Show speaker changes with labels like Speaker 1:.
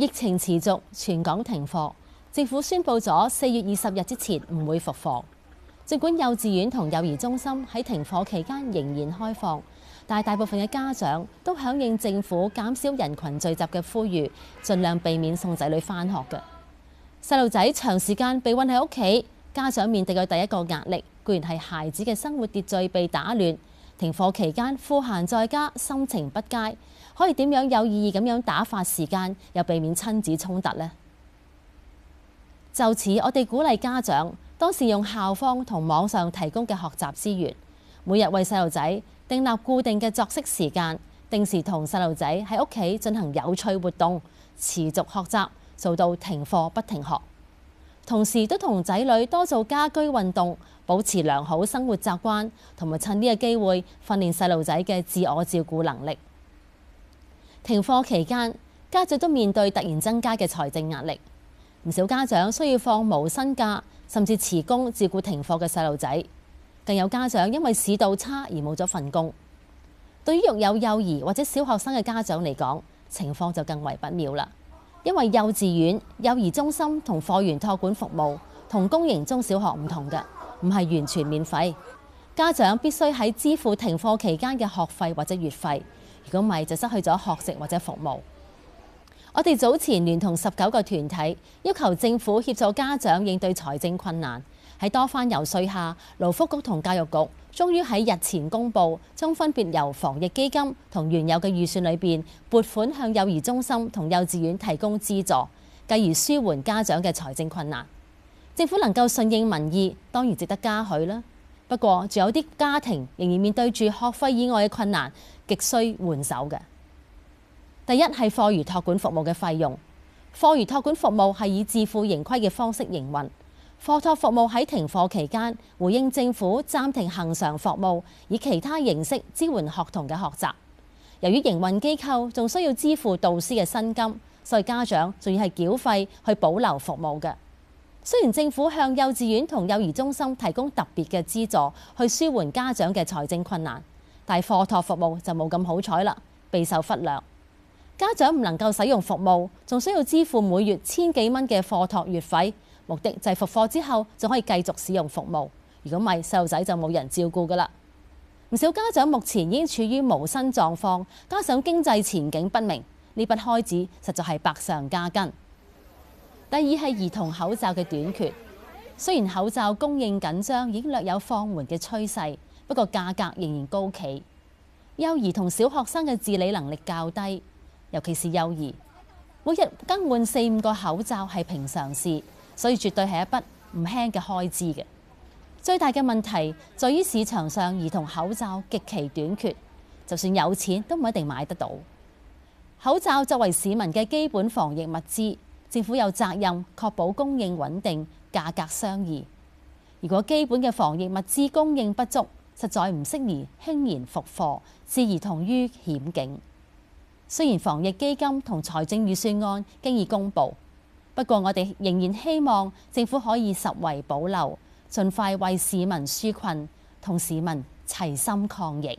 Speaker 1: 疫情持續，全港停課，政府宣布咗四月二十日之前唔會復課。儘管幼稚園同幼兒中心喺停課期間仍然開放，但大部分嘅家長都響應政府減少人群聚集嘅呼籲，盡量避免送仔女返學嘅細路仔長時間被困喺屋企，家長面對嘅第一個壓力，固然係孩子嘅生活秩序被打亂。停課期間，賦閒在家，心情不佳，可以點樣有意義咁樣打發時間，又避免親子衝突呢？就此，我哋鼓勵家長多使用校方同網上提供嘅學習資源，每日為細路仔訂立固定嘅作息時間，定時同細路仔喺屋企進行有趣活動，持續學習，做到停課不停學。同時，都同仔女多做家居運動。保持良好生活習慣，同埋趁呢個機會訓練細路仔嘅自我照顧能力。停課期間，家長都面對突然增加嘅財政壓力，唔少家長需要放無薪假，甚至辭工照顧停課嘅細路仔。更有家長因為市道差而冇咗份工。對於育有幼兒或者小學生嘅家長嚟講，情況就更為不妙啦。因為幼稚園、幼兒中心同課餘託管服務同公營中小學唔同嘅。唔係完全免費，家長必須喺支付停課期間嘅學費或者月費。如果唔係，就失去咗學籍或者服務。我哋早前聯同十九個團體，要求政府協助家長應對財政困難。喺多番游說下，勞福局同教育局終於喺日前公佈，將分別由防疫基金同原有嘅預算裏邊撥款向幼兒中心同幼稚園提供資助，繼而舒緩家長嘅財政困難。政府能夠順應民意，當然值得嘉許啦。不過，仲有啲家庭仍然面對住學費以外嘅困難，極需援手嘅。第一係課餘託管服務嘅費用。課餘託管服務係以自負盈虧嘅方式營運。課託服務喺停課期間，回應政府暫停恆常服務，以其他形式支援學童嘅學習。由於營運機構仲需要支付導師嘅薪金，所以家長仲要係繳費去保留服務嘅。雖然政府向幼稚園同幼兒中心提供特別嘅資助，去舒緩家長嘅財政困難，但係課託服務就冇咁好彩啦，備受忽略。家長唔能夠使用服務，仲需要支付每月千幾蚊嘅課托月費，目的就係復課之後就可以繼續使用服務。如果唔係，細路仔就冇人照顧㗎啦。唔少家長目前已經處於無薪狀況，加上經濟前景不明，呢筆開支實在係百上加斤。第二係兒童口罩嘅短缺。雖然口罩供應緊張已經略有放緩嘅趨勢，不過價格仍然高企。幼兒同小學生嘅自理能力較低，尤其是幼兒，每日更換四五個口罩係平常事，所以絕對係一筆唔輕嘅開支嘅。最大嘅問題在於市場上兒童口罩極其短缺，就算有錢都唔一定買得到。口罩作為市民嘅基本防疫物資。政府有責任確保供應穩定、價格相宜。如果基本嘅防疫物資供應不足，實在唔適宜輕言復課，置兒童於險境。雖然防疫基金同財政預算案經已公布，不過我哋仍然希望政府可以實惠保留，盡快為市民紓困，同市民齊心抗疫。